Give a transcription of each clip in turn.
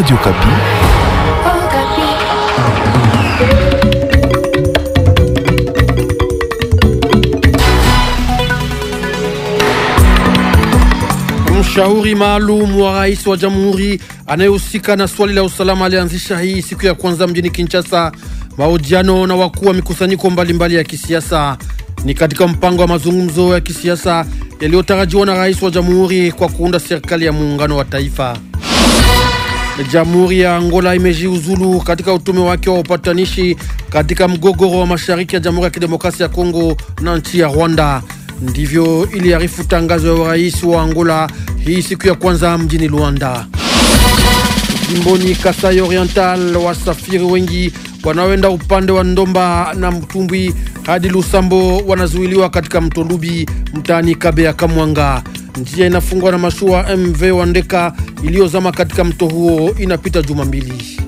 Radio Kapi. Mshauri maalum wa rais wa jamhuri anayehusika na swali la usalama alianzisha hii siku ya kwanza mjini Kinshasa mahojiano na wakuu wa mikusanyiko mbalimbali ya kisiasa. Ni katika mpango wa mazungumzo ya kisiasa yaliyotarajiwa na rais wa jamhuri kwa kuunda serikali ya muungano wa taifa. Jamhuri ya Angola imejiuzulu katika utume wake wa upatanishi katika mgogoro wa mashariki ya Jamhuri ya Kidemokrasia ya Kongo na nchi ya Rwanda. Ndivyo iliarifu tangazo ya rais wa Angola hii siku ya kwanza mjini Luanda. Jimboni Kasai Oriental, wasafiri wengi wanaoenda upande wa Ndomba na Mtumbwi hadi Lusambo wanazuiliwa katika Mtondubi mtaani Kabeya Kamwanga. Njia inafungwa na mashua MV Wandeka iliyozama katika mto huo inapita juma mbili.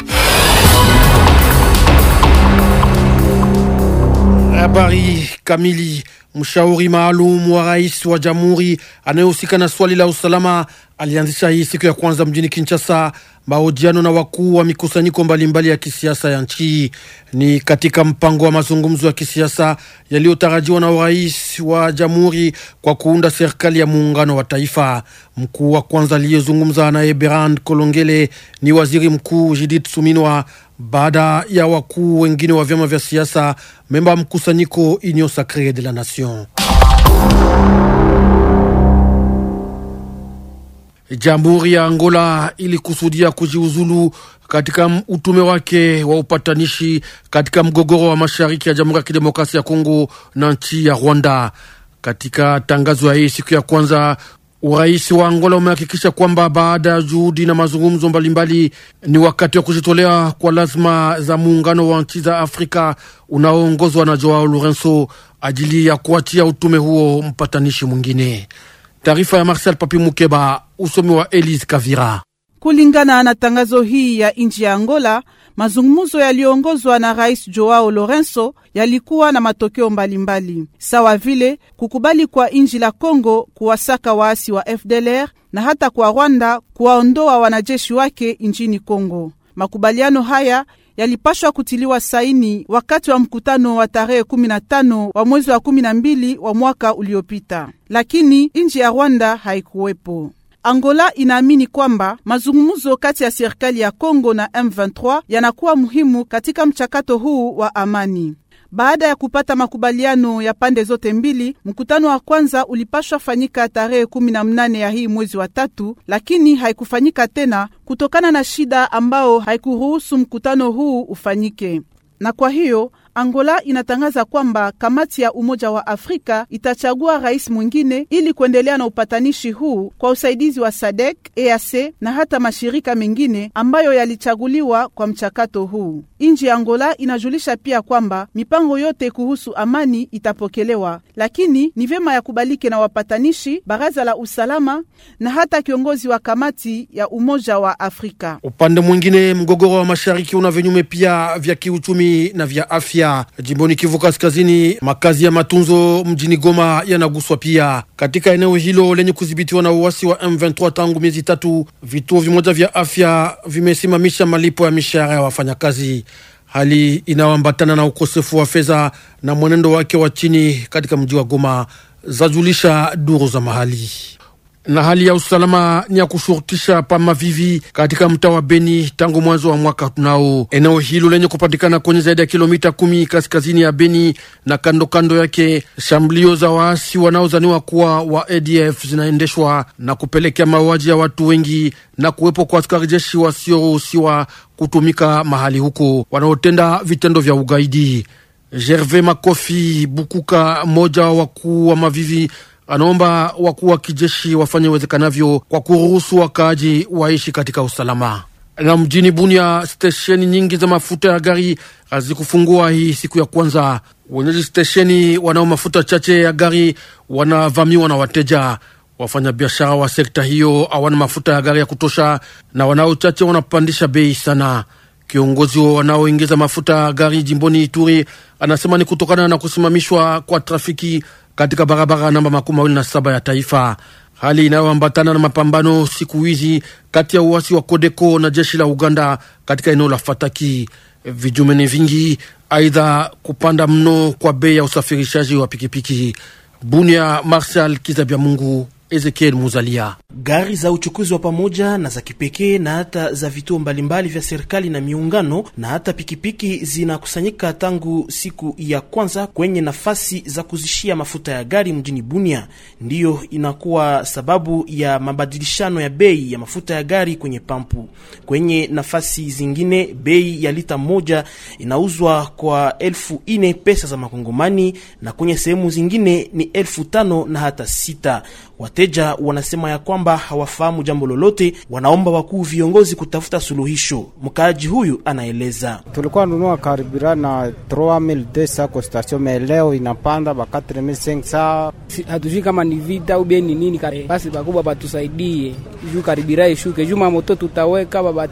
Habari kamili. Mshauri maalum wa rais wa jamhuri anayehusika na swali la usalama alianzisha hii siku ya kwanza mjini Kinshasa mahojiano na wakuu wa mikusanyiko mbalimbali ya kisiasa ya nchi. Ni katika mpango wa mazungumzo ya kisiasa yaliyotarajiwa na urais wa jamhuri kwa kuunda serikali ya muungano wa taifa. Mkuu wa kwanza aliyezungumza naye Berand Kolongele ni waziri mkuu Judith Suminwa baada ya wakuu wengine wa vyama vya siasa memba wa mkusanyiko Union Sacree de la Nation. Jamhuri ya Angola ilikusudia kujiuzulu katika utume wake wa upatanishi katika mgogoro wa mashariki ya Jamhuri ya Kidemokrasia ya Kongo na nchi ya Rwanda. Katika tangazo ya hii siku ya kwanza Urais wa Angola umehakikisha kwamba baada ya juhudi na mazungumzo mbalimbali, ni wakati wa kujitolea kwa lazima za muungano wa nchi za Afrika unaoongozwa na Joao Lourenco ajili ya kuachia utume huo mpatanishi mwingine. Taarifa ya Marcel Papi Mukeba, usomi wa Elise Kavira. Kulingana na tangazo hii ya nchi ya Angola, Mazungumzo yaliyoongozwa na Rais Joao Lorenzo yalikuwa na matokeo mbalimbali mbali, sawa vile kukubali kwa inji la congo kuwasaka waasi wa FDLR na hata kwa Rwanda kuwaondoa wanajeshi wake nchini Kongo. Makubaliano haya yalipashwa kutiliwa saini wakati wa mkutano wa tarehe 15 wa mwezi wa 12 wa mwaka uliopita, lakini inji ya Rwanda haikuwepo. Angola inaamini kwamba mazungumzo kati ya serikali ya Kongo na M23 yanakuwa muhimu katika mchakato huu wa amani. Baada ya kupata makubaliano ya pande zote mbili, mkutano wa kwanza ulipashwa fanyika tarehe 18 ya hii mwezi wa tatu, lakini haikufanyika tena kutokana na shida ambao haikuruhusu mkutano huu ufanyike, na kwa hiyo Angola inatangaza kwamba kamati ya Umoja wa Afrika itachagua rais mwingine ili kuendelea na upatanishi huu kwa usaidizi wa sadek EAC na hata mashirika mengine ambayo yalichaguliwa kwa mchakato huu. nji ya Angola inajulisha pia kwamba mipango yote kuhusu amani itapokelewa, lakini ni vyema yakubalike na wapatanishi, baraza la usalama na hata kiongozi wa kamati ya Umoja wa Afrika. Upande mwingine, mgogoro wa mashariki una vinyume pia vya kiuchumi na vya afya afya jimboni Kivu Kaskazini. Makazi ya matunzo mjini Goma yanaguswa pia. Katika eneo hilo lenye kudhibitiwa na uasi wa M23 tangu miezi tatu, vituo vimoja vya afya vimesimamisha malipo ya mishahara ya wafanyakazi, hali inayoambatana na ukosefu wa fedha na mwenendo wake wa chini katika mji wa Goma, zajulisha duru za mahali na hali ya usalama ni ya kushurutisha pa Mavivi katika mtaa wa Beni tangu mwanzo wa mwaka tunao. Eneo hilo lenye kupatikana kwenye zaidi ya kilomita kumi kaskazini ya Beni na kando kando yake, shambulio za waasi wanaozaniwa kuwa wa ADF zinaendeshwa na kupelekea mauaji ya watu wengi na kuwepo kwa askari jeshi wasioruhusiwa kutumika mahali huko wanaotenda vitendo vya ugaidi. Gervais Makofi Bukuka, moja wakuu wa Mavivi anaomba wakuu wa kijeshi wafanye uwezekanavyo kwa kuruhusu wakaaji waishi katika usalama. Na mjini Bunia, stesheni nyingi za mafuta ya gari hazikufungua hii siku ya kwanza. Wenyeji stesheni wanao mafuta chache ya gari wanavamiwa na wateja. Wafanyabiashara wa sekta hiyo hawana mafuta ya gari ya kutosha, na wanao chache wanapandisha bei sana. Kiongozi wa wanaoingiza mafuta ya gari jimboni Ituri anasema ni kutokana na kusimamishwa kwa trafiki katika barabara namba makumi mawili na saba ya taifa, hali inayoambatana na mapambano siku hizi kati ya uasi wa Kodeko na jeshi la Uganda katika eneo la Fataki. Vijumene vingi, aidha kupanda mno kwa bei ya usafirishaji wa pikipiki. Bunia, Marshal Kizabya Mungu Ezekiel Muzalia. Gari za uchukuzi wa pamoja na za kipekee na hata za vituo mbalimbali vya serikali na miungano na hata pikipiki zinakusanyika tangu siku ya kwanza kwenye nafasi za kuzishia mafuta ya gari mjini Bunia. Ndiyo inakuwa sababu ya mabadilishano ya bei ya mafuta ya gari kwenye pampu. Kwenye nafasi zingine bei ya lita moja inauzwa kwa elfu ine pesa za makongomani na kwenye sehemu zingine ni elfu tano na hata sita. Wateja wanasema ya kwamba hawafahamu jambo lolote, wanaomba wakuu viongozi kutafuta suluhisho. Mkaaji huyu anaeleza: tulikuwa nunua karibira na 3200 kwa station me, leo inapanda ba 4500. Hatujui kama ni vita ube ni nini. Basi bakubwa batusaidie juu karibira ishuke, juu mamoto tutaweka, baba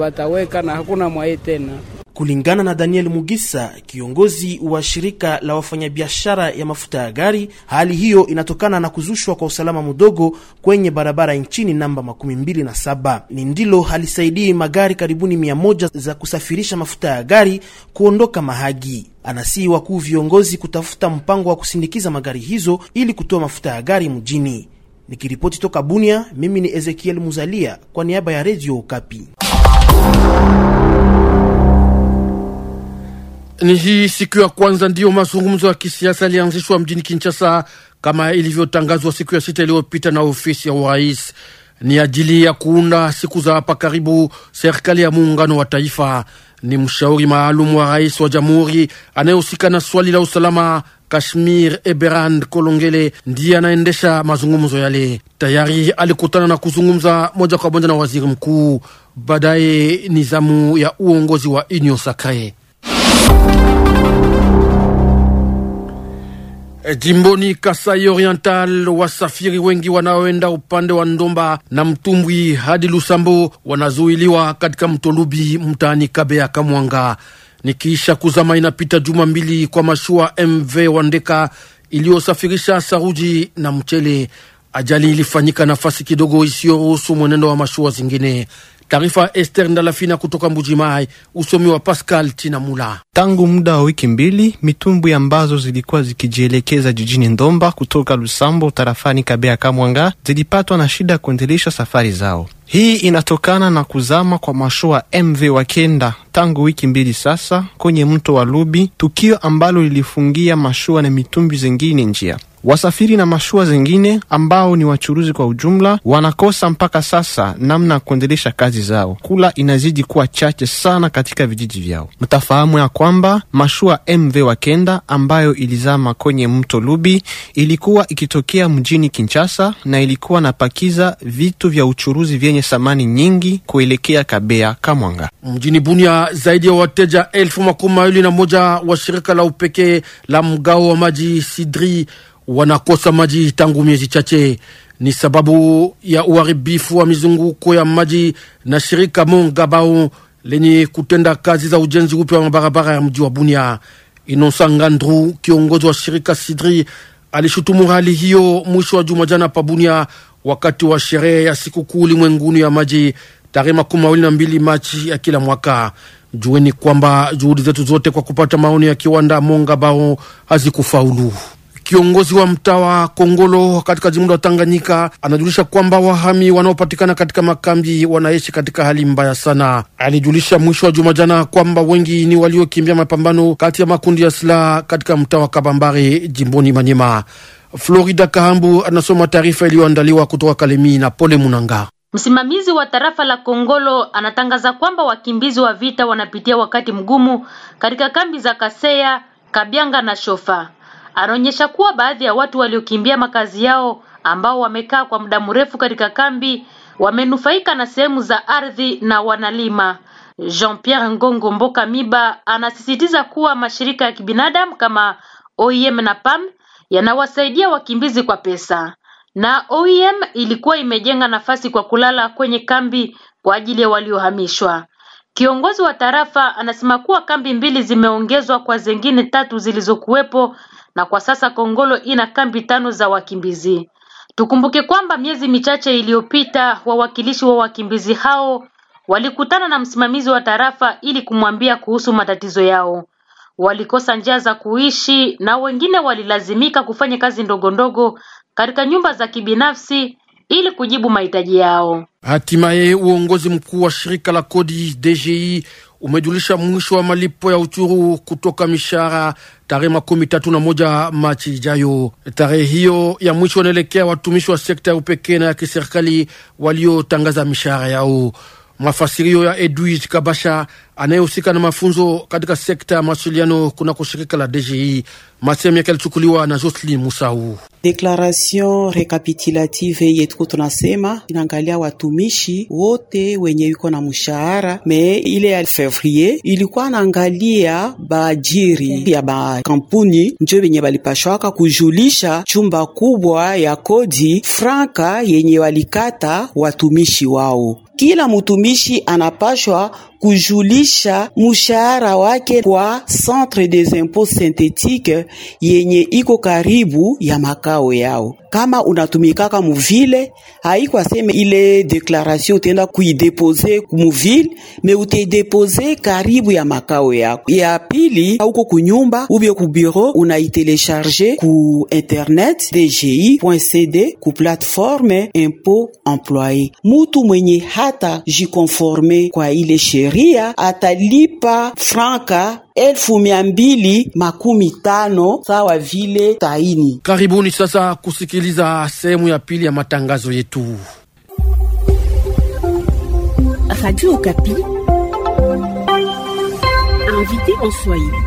bataweka na hakuna mwaye tena. Kulingana na Daniel Mugisa, kiongozi wa shirika la wafanyabiashara ya mafuta ya gari, hali hiyo inatokana na kuzushwa kwa usalama mdogo kwenye barabara nchini namba makumi mbili na saba ni ndilo halisaidii magari karibuni mia moja za kusafirisha mafuta ya gari kuondoka Mahagi. Anasihi wakuu viongozi kutafuta mpango wa kusindikiza magari hizo ili kutoa mafuta ya gari mjini. Nikiripoti toka Bunia, mimi ni Ezekiel Muzalia kwa niaba ya Redio Okapi. Ni hii siku ya kwanza ndiyo mazungumzo ya kisiasa yalianzishwa mjini Kinshasa kama ilivyotangazwa siku ya sita iliyopita na ofisi ya urais, ni ajili ya kuunda siku za hapa karibu serikali ya muungano wa taifa. Ni mshauri maalum wa rais wa jamhuri anayehusika na swali la usalama Kashmir Eberand Kolongele ndiye anaendesha mazungumzo yale. Tayari alikutana na kuzungumza moja kwa moja na waziri mkuu. Baadaye ni zamu ya uongozi wa Union Sacree. E, jimboni Kasai Oriental, wasafiri wengi wanaoenda upande wa Ndomba na mtumbwi hadi Lusambo wanazuiliwa katika mto Lubi mtaani Kabea Kamwanga, nikiisha kuzama. Inapita juma mbili kwa mashua MV Wandeka iliyosafirisha saruji na mchele. Ajali ilifanyika nafasi kidogo isiyoruhusu mwenendo wa mashua zingine. Taarifa Ester Ndalafina kutoka Mbujimai, usomi wa Pascal Tinamula. Tangu muda wa wiki mbili, mitumbwi ambazo zilikuwa zikijielekeza jijini Ndomba kutoka Lusambo tarafani Kabea Kamwanga zilipatwa na shida ya kuendelesha safari zao. Hii inatokana na kuzama kwa mashua MV Wakenda tangu wiki mbili sasa kwenye mto wa Lubi, tukio ambalo lilifungia mashua na mitumbwi zingine njia. Wasafiri na mashua zingine ambao ni wachuruzi kwa ujumla wanakosa mpaka sasa namna ya kuendelesha kazi zao. Kula inazidi kuwa chache sana katika vijiji vyao. Mtafahamu ya kwamba mashua MV Wakenda ambayo ilizama kwenye mto Lubi ilikuwa ikitokea mjini Kinshasa na ilikuwa napakiza vitu vya uchuruzi vyenye thamani nyingi kuelekea Kabea Kamwanga. Mjini Bunia, zaidi ya wateja elfu makumi mawili na moja wa shirika la upekee la mgao wa maji Sidri wanakosa maji tangu miezi chache. Ni sababu ya uharibifu wa mizunguko ya maji na shirika Mongabao lenye kutenda kazi za ujenzi upya wa mabarabara ya mji wa Bunia. Inosa Ngandru, kiongozi wa shirika Sidri, alishutumu hali hiyo mwisho wa juma jana Bunia, wakati wa sherehe ya sikukuu ulimwenguni ya maji tarehe makumi mawili na mbili Machi ya kila mwaka. Jueni kwamba juhudi zetu zote kwa kupata maoni ya kiwanda Mongabao hazikufaulu. Kiongozi wa mtaa wa Kongolo katika jimbo la Tanganyika anajulisha kwamba wahami wanaopatikana katika makambi wanaishi katika hali mbaya sana. Alijulisha mwisho wa juma jana kwamba wengi ni waliokimbia mapambano kati ya makundi ya silaha katika mtaa wa Kabambare jimboni Manyema. Florida Kahambu anasoma taarifa iliyoandaliwa kutoka Kalemi na Pole Munanga. Msimamizi wa tarafa la Kongolo anatangaza kwamba wakimbizi wa vita wanapitia wakati mgumu katika kambi za Kaseya, Kabyanga na Shofa anaonyesha kuwa baadhi ya watu waliokimbia makazi yao ambao wamekaa kwa muda mrefu katika kambi wamenufaika na sehemu za ardhi na wanalima. Jean-Pierre Ngongo Mboka Miba anasisitiza kuwa mashirika ya kibinadamu kama OIM na PAM yanawasaidia wakimbizi kwa pesa. Na OIM ilikuwa imejenga nafasi kwa kulala kwenye kambi kwa ajili ya waliohamishwa. Kiongozi wa tarafa anasema kuwa kambi mbili zimeongezwa kwa zingine tatu zilizokuwepo na kwa sasa Kongolo ina kambi tano za wakimbizi. Tukumbuke kwamba miezi michache iliyopita wawakilishi wa wakimbizi hao walikutana na msimamizi wa tarafa ili kumwambia kuhusu matatizo yao. Walikosa njia za kuishi na wengine walilazimika kufanya kazi ndogo ndogo katika nyumba za kibinafsi ili kujibu mahitaji yao. Hatimaye, uongozi mkuu wa shirika la kodi DGI umejulisha mwisho wa malipo ya uchuru kutoka mishahara tarehe makumi tatu na moja Machi ijayo. Tarehe hiyo ya mwisho wanaelekea watumishi wa sekta ya upekee na ya kiserikali waliotangaza mishahara yao. Mafasirio ya Edwige Kabasha anayehusika na mafunzo katika sekta ya mawasiliano kuna shirika la DGI. Masemi yake alichukuliwa na Jocelyn Musau. Deklaration rekapitulative yetuko tunasema inaangalia watumishi wote wenye iko na mshahara me ile ya fevrier ilikuwa naangalia baajiri ya bakampuni njo benye balipashwaka kujulisha chumba kubwa ya kodi franka yenye walikata watumishi wao. Kila mtumishi anapashwa kujulisha mshahara wake kwa Centre des Impôts Synthétiques yenye iko karibu ya makao yao kama unatumikaka muvile haiko aseme ile deklaration utaenda kuidepose muvile me utaidepose karibu ya makao yako. Ya pili auko kunyumba ubie ku bureau, unaitelesharge ku internet dgi.cd ku plateforme impo employe. Mutu mwenye hata jikonforme kwa ile sheria atalipa franka elfu mia mbili makumi tano sawa vile taini. Karibuni sasa kusikiliza sehemu ya pili ya matangazo yetu. Radio Okapi, invité en Swahili.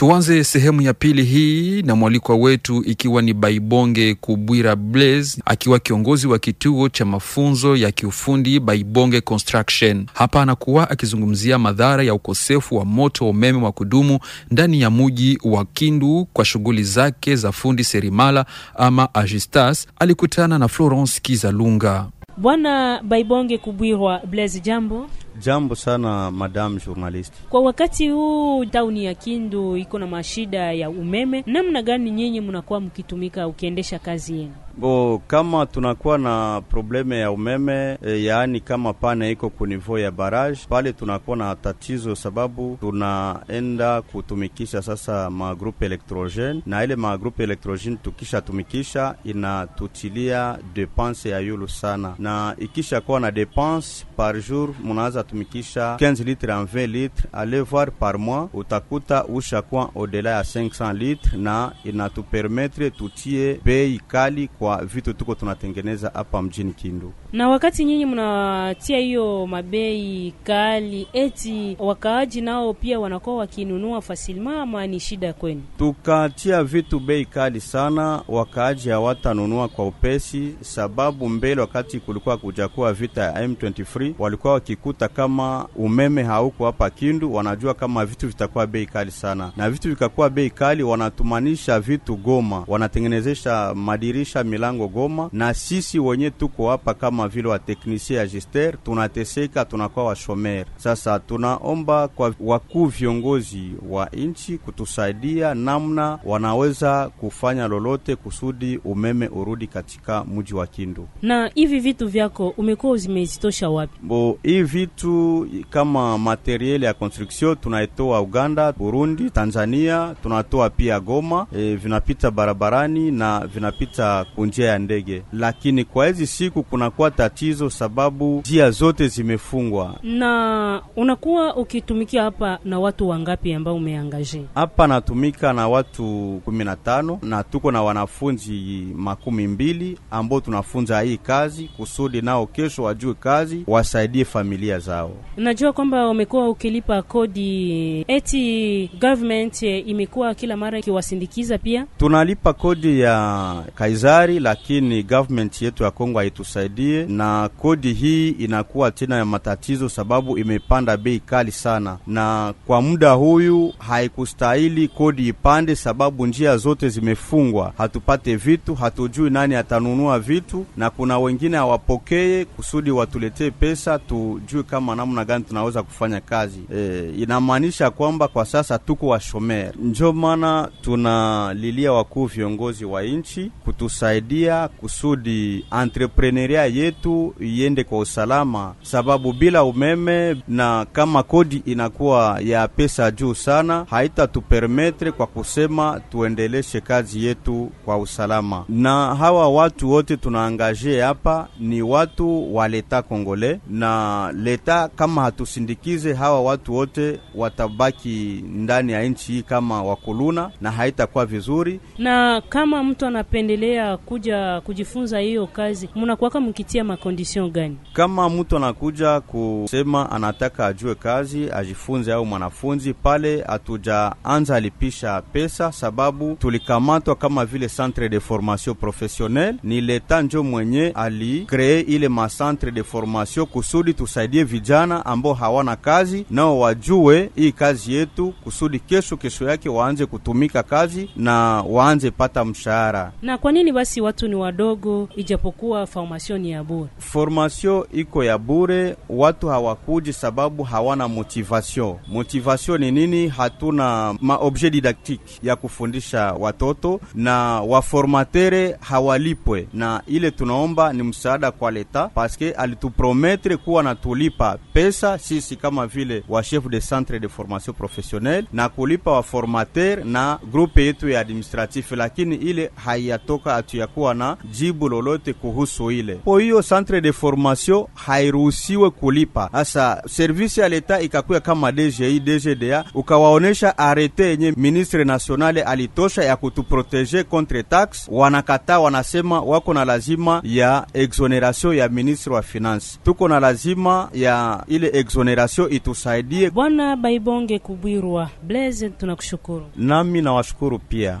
Tuanze sehemu ya pili hii na mwalikwa wetu ikiwa ni Baibonge Kubwira Blaze, akiwa kiongozi wa kituo cha mafunzo ya kiufundi Baibonge Construction. Hapa anakuwa akizungumzia madhara ya ukosefu wa moto wa umeme wa kudumu ndani ya muji wa Kindu kwa shughuli zake za fundi serimala ama Ajistas. Alikutana na Florence Kizalunga. Bwana Baibonge Kubwirwa Blaze, jambo. Jambo sana madam journalist. Kwa wakati huu tauni ya Kindu iko na mashida ya umeme, namna gani nyinyi mnakuwa mkitumika ukiendesha kazi yenu? Bo, kama tunakuwa na probleme ya umeme e, yaani kama pane iko kunivou ya barrage pale tunakuwa na tatizo, sababu tunaenda kutumikisha sasa magrupe elektrogene na ile magrupe elektrogene tukishatumikisha inatutilia depense ya yulu sana, na ikishakuwa na depense par jour munaanza tumikisha 15 litre en 20 litre ale voir par mois, utakuta ushakuwa odela ya 500 litre na inatupermetre tutie bei kali kwa kwa vitu tuko tunatengeneza hapa mjini Kindu. Na wakati nyinyi mnatia hiyo mabei kali, eti wakaaji nao pia wanakuwa wakinunua fasilma, ama ni shida kwenu? Tukatia vitu bei kali sana, wakaaji hawatanunua kwa upesi, sababu mbele wakati kulikuwa kujakuwa vita ya M23 walikuwa wakikuta kama umeme hauko hapa Kindu, wanajua kama vitu vitakuwa bei kali sana, na vitu vikakuwa bei kali, wanatumanisha vitu Goma, wanatengenezesha madirisha milango Goma, na sisi wenye tuko hapa kama vile wateknisie ya gister tunateseka, tunakuwa shomer Sasa tunaomba kwa wakuu viongozi wa nchi kutusaidia namna wanaweza kufanya lolote kusudi umeme urudi katika mji wa Kindu. Na hivi vitu vyako umekuwa zimezitosha wapi? Bo, hivi vitu kama materiel ya construction tunaitoa Uganda, Burundi, Tanzania, tunatoa pia Goma. E, vinapita barabarani na vinapita kunjia njia ya ndege, lakini kwa hizi siku kunakuwa tatizo sababu njia zote zimefungwa. Na unakuwa ukitumikia hapa na watu wangapi ambao umeangaje hapa? Natumika na watu kumi na tano na tuko na wanafunzi makumi mbili ambao tunafunza hii kazi kusudi nao kesho wajue kazi, wasaidie familia zao. Najua kwamba wamekuwa ukilipa kodi, eti government imekuwa kila mara ikiwasindikiza pia. Tunalipa kodi ya Kaisari hatari, lakini government yetu ya Kongo haitusaidie, na kodi hii inakuwa tena ya matatizo, sababu imepanda bei kali sana, na kwa muda huyu haikustahili kodi ipande, sababu njia zote zimefungwa, hatupate vitu, hatujui nani atanunua vitu, na kuna wengine hawapokee kusudi watuletee pesa, tujue kama namna gani tunaweza kufanya kazi e, inamaanisha kwamba kwa sasa tuko washomeri, njo maana tunalilia wakuu viongozi wa nchi kutusaidia kutusaidia kusudi entrepreneuria yetu iende kwa usalama, sababu bila umeme na kama kodi inakuwa ya pesa juu sana, haitatupermetre kwa kusema tuendeleshe kazi yetu kwa usalama. Na hawa watu wote tunaangaje hapa ni watu wa leta Kongole, na leta kama hatusindikize hawa watu wote watabaki ndani ya nchi hii kama wakuluna, na haitakuwa vizuri. Na kama mtu anapendelea mnakuja kujifunza hiyo kazi, mnakuwaka mkitia makondisyon gani? Kama mtu anakuja kusema anataka ajue kazi ajifunze, au mwanafunzi pale, hatujaanza alipisha pesa, sababu tulikamatwa kama vile centre de formation professionnel. Ni leta njo mwenye alikree ile macentre de formation kusudi tusaidie vijana ambao hawana kazi, nao wajue hii kazi yetu, kusudi kesho kesho yake waanze kutumika kazi na waanze pata mshahara. Na kwa nini basi sisi watu ni wadogo, ijapokuwa formation ni ya bure. Formation iko ya bure, watu hawakuji sababu hawana motivation motivation ni nini? Hatuna maobjet didaktike ya kufundisha watoto na waformatere hawalipwe, na ile tunaomba ni msaada kwa leta, paske alituprometre kuwa natulipa pesa sisi kama vile wa chef de centre de formation professionnelle na kulipa waformater na grupe yetu ya administratif, lakini ile haiyatoka atuya kuwa na jibu lolote kuhusu ile. po hiyo centre de formation hairuhusiwe kulipa. sasa service ya leta ikakuya kama DGI DGDA, ukawaonesha arete yenye ministre nationale alitosha ya kutuproteje contre taxe, wanakataa wanasema wako na lazima ya exoneration ya ministre wa finance, tuko na lazima ya ile exoneration itusaidie. Bwana Baibonge Kubwirwa Blaise, tunakushukuru. Nami nawashukuru pia.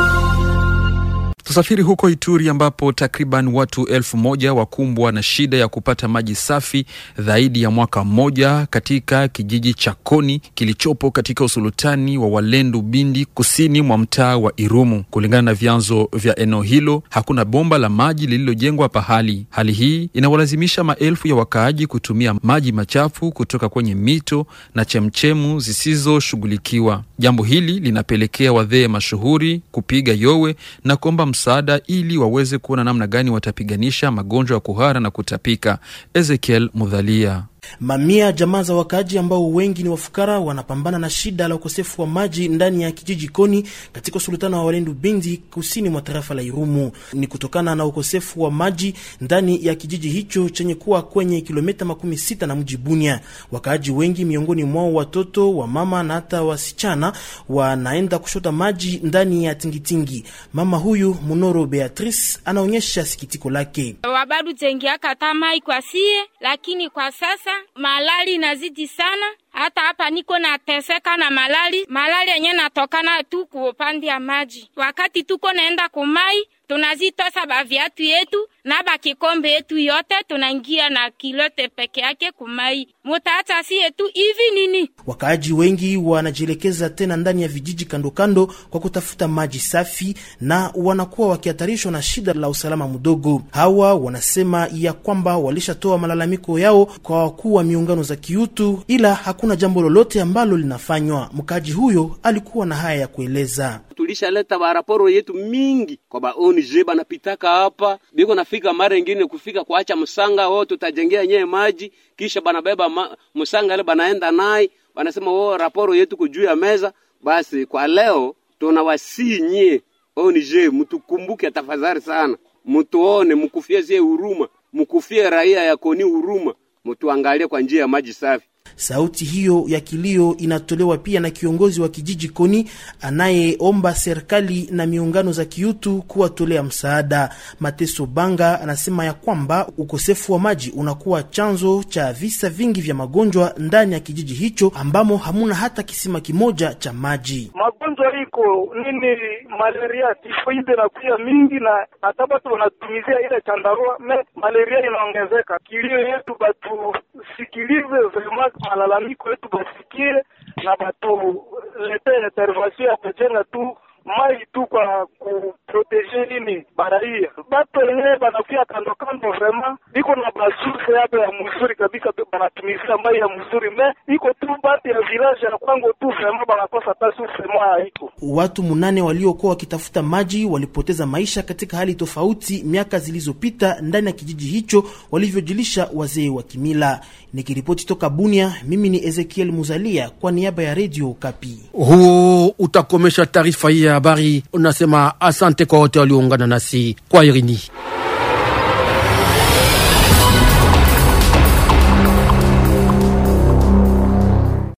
Tusafiri huko Ituri ambapo takriban watu elfu moja wakumbwa na shida ya kupata maji safi zaidi ya mwaka mmoja katika kijiji cha Koni kilichopo katika usultani wa Walendu Bindi kusini mwa mtaa wa Irumu. Kulingana na vyanzo vya eneo hilo, hakuna bomba la maji lililojengwa pahali. Hali hii inawalazimisha maelfu ya wakaaji kutumia maji machafu kutoka kwenye mito na chemchemu zisizoshughulikiwa. Jambo hili linapelekea wadhee mashuhuri kupiga yowe na kuomba msaada ili waweze kuona namna gani watapiganisha magonjwa ya kuhara na kutapika. Ezekiel Mudhalia. Mamia ya jamaa za wakaaji ambao wengi ni wafukara wanapambana na shida la ukosefu wa maji ndani ya kijiji Koni katika usultana wa Walendu Bindi kusini mwa tarafa la Irumu. Ni kutokana na ukosefu wa maji ndani ya kijiji hicho chenye kuwa kwenye kilomita makumi sita na mji Bunia. Wakaaji wengi, miongoni mwao watoto wa mama na hata wasichana, wanaenda kushota maji ndani ya tingitingi. Mama huyu Munoro Beatrice anaonyesha sikitiko lake. Wabadu tengiaka tamai kwa sie, lakini kwa sasa haraka, malali inazidi sana hata hapa niko nateseka na malali, malali yenye natokana tu kuopandi ya maji. Wakati tuko naenda kumai, tunazitosa baviatu yetu na bakikombe yetu yote, tunaingia na kilote peke yake kumai. Mutaacha si yetu hivi nini? Wakaaji wengi wanajielekeza tena ndani ya vijiji kandokando kando kwa kutafuta maji safi, na wanakuwa wakihatarishwa na shida la usalama mdogo. Hawa wanasema ya kwamba walishatoa malalamiko yao kwa wakuu wa miungano za kiutu ila haku hakuna jambo lolote ambalo linafanywa. Mkaji huyo alikuwa na haya ya kueleza: tulishaleta baraporo yetu mingi kwa ba ONG banapitaka hapa, biko nafika mara ingine kufika kuacha msanga wo, tutajengea nyee maji, kisha banabeba ma, msanga ile banaenda naye, banasema wo oh, raporo yetu kujuu ya meza. Basi kwa leo tunawasii nyie ONG, mtukumbuke tafadhali sana, mtuone, mukufie zie huruma, mukufie raia ya koni huruma, mutuangalie kwa njia ya maji safi. Sauti hiyo ya kilio inatolewa pia na kiongozi wa kijiji Koni anayeomba serikali na miungano za kiutu kuwatolea msaada. Mateso Banga anasema ya kwamba ukosefu wa maji unakuwa chanzo cha visa vingi vya magonjwa ndani ya kijiji hicho ambamo hamuna hata kisima kimoja cha maji. Magonjwa iko nini, malaria, tifoide na kuya mingi, na hata batu wanatumizia ile chandarua me malaria inaongezeka. Kilio yetu batusikilize vema malalamiko yetu basikie na batulete intervention ya kujenga tu mai tu kwa kuproteje nini baraia bato wenyewe banafia kando kando, vrema iko na basurse yabe ya mzuri kabisa, banatumizia mai ya mzuri me iko tu bati ya village ya kwango tu, vrema banakosa ta surse moya. Iko watu munane waliokuwa wakitafuta maji walipoteza maisha katika hali tofauti miaka zilizopita ndani ya kijiji hicho, walivyojilisha wazee wa kimila. Nikiripoti toka Bunia, mimi ni Ezekiel Muzalia kwa niaba ya Redio Kapi. Huu utakomesha taarifa hii ya habari. Unasema asante kwa wote walioungana nasi kwa irini.